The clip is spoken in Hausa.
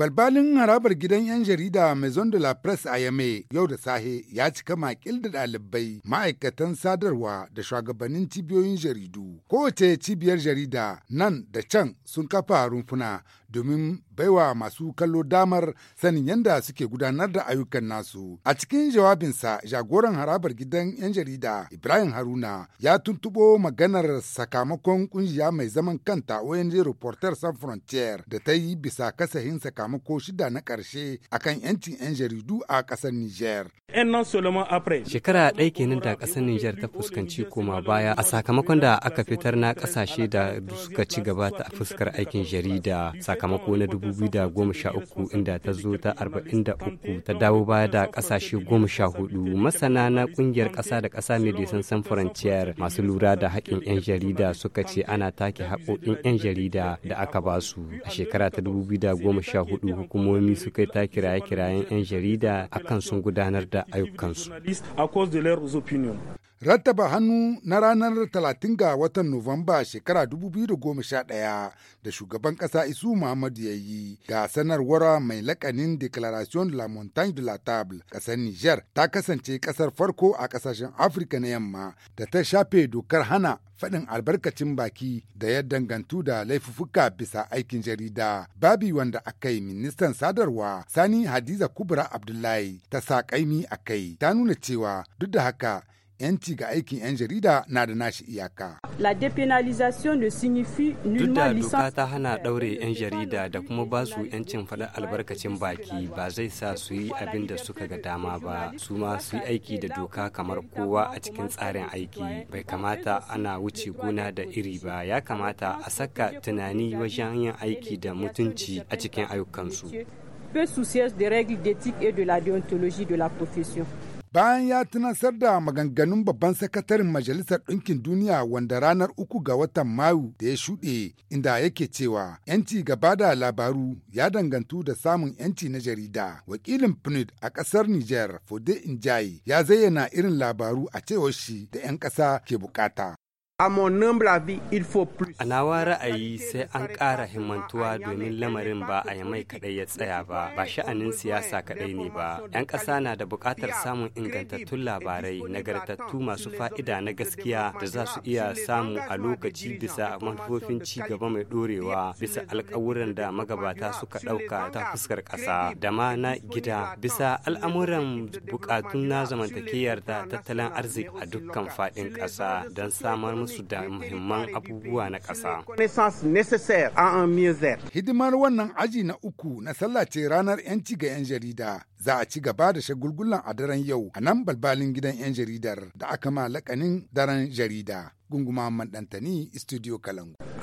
Balbalin harabar gidan 'yan jarida Maison de la Presse a Yame yau da sahe ya cika makil da ɗalibai ma'aikatan sadarwa da shugabannin cibiyoyin jaridu. Kowace cibiyar jarida nan da can sun kafa rumfuna domin baiwa masu kallo damar sanin yadda suke gudanar da ayyukan nasu. A cikin jawabinsa jagoran harabar gidan 'yan jarida Ibrahim Haruna ya tuntuɓo maganar sakamakon kungiya mai zaman kanta ONG Reporters Sans Frontières da ta yi bisa kasahin sakamakon ko shida na ƙarshe kan 'yancin 'yan jaridu a ƙasar Nijar. Shekara ɗaya kenan da ƙasar Nijar ta fuskanci koma baya a sakamakon da aka fitar na ƙasashe da suka ci gaba ta fuskar aikin jarida sakamako na 2013 inda ta zo ta 43 ta dawo baya da ƙasashe 14 masana na ƙungiyar ƙasa da ƙasa Medecins Sans Frontier masu lura da haƙƙin 'yan jarida suka ce ana take haƙoƙin 'yan jarida da aka ba su a shekara ta hudu hukumomi su ta kiraye-kirayen 'yan jarida a kan sun gudanar da ayyukansu. Rattaba hannu na ranar 30 ga watan Nuwamba shekara 2011 da shugaban ƙasa Isu Muhammadu ya yi ga sanarwar mai lakanin Declaration de la Montagne de la Table ƙasar Niger ta kasance ƙasar farko a ƙasashen Afirka na yamma da ta shafe dokar hana faɗin albarkacin baki da ya dangantu da laifuffuka bisa aikin jarida babi wanda aka yi ministan sadarwa sani hadiza kubra abdullahi ta sa kaimi a kai ta nuna cewa duk da haka yanci ga aikin 'yan jarida na da nashi iyaka. La depenalisation ne signifie Duk da doka ta hana ɗaure 'yan jarida da kuma ba su 'yancin faɗa albarkacin baki ba zai sa su yi abin da suka ga dama ba su ma su yi aiki da doka kamar kowa a cikin tsarin aiki bai kamata ana wuce gona da iri ba ya kamata a saka tunani wajen yin aiki da mutunci a cikin ayyukansu. Peu soucieuse des règles d'éthique et de la déontologie de la profession. bayan ya tunasar da maganganun babban sakataren majalisar ɗinkin duniya wanda ranar uku ga watan mayu da ya shuɗe inda yake cewa yanci gaba da labaru ya dangantu da samun yanci na jarida wakilin pnud a ƙasar niger fode injai ya zayyana irin labaru a cewar shi da 'yan ƙasa ke bukata A nawa ra'ayi sai an ƙara himmantuwa domin lamarin ba a yamai kaɗai ya tsaya ba, ba sha'anin siyasa kaɗai ne ba. 'Yan ƙasa na da buƙatar samun ingantattun labarai nagartattu masu fa'ida na gaskiya da za su iya samu a lokaci bisa manufofin ci gaba mai ɗorewa bisa alƙawuran da magabata suka ɗauka ta fuskar ƙasa da ma na gida bisa al'amuran buƙatun na zamantakewar da tattalin arziki a dukkan faɗin ƙasa don samar su da muhimman abubuwa na ƙasa. Hidimar wannan aji na uku na sallah ce ranar 'yanci ga 'yan jarida. Za a ci gaba da shagulgulan a daren yau a nan balbalin gidan 'yan jaridar da aka ma lakanin daren jarida. Gunguma Mandantani, Studio Kalangu.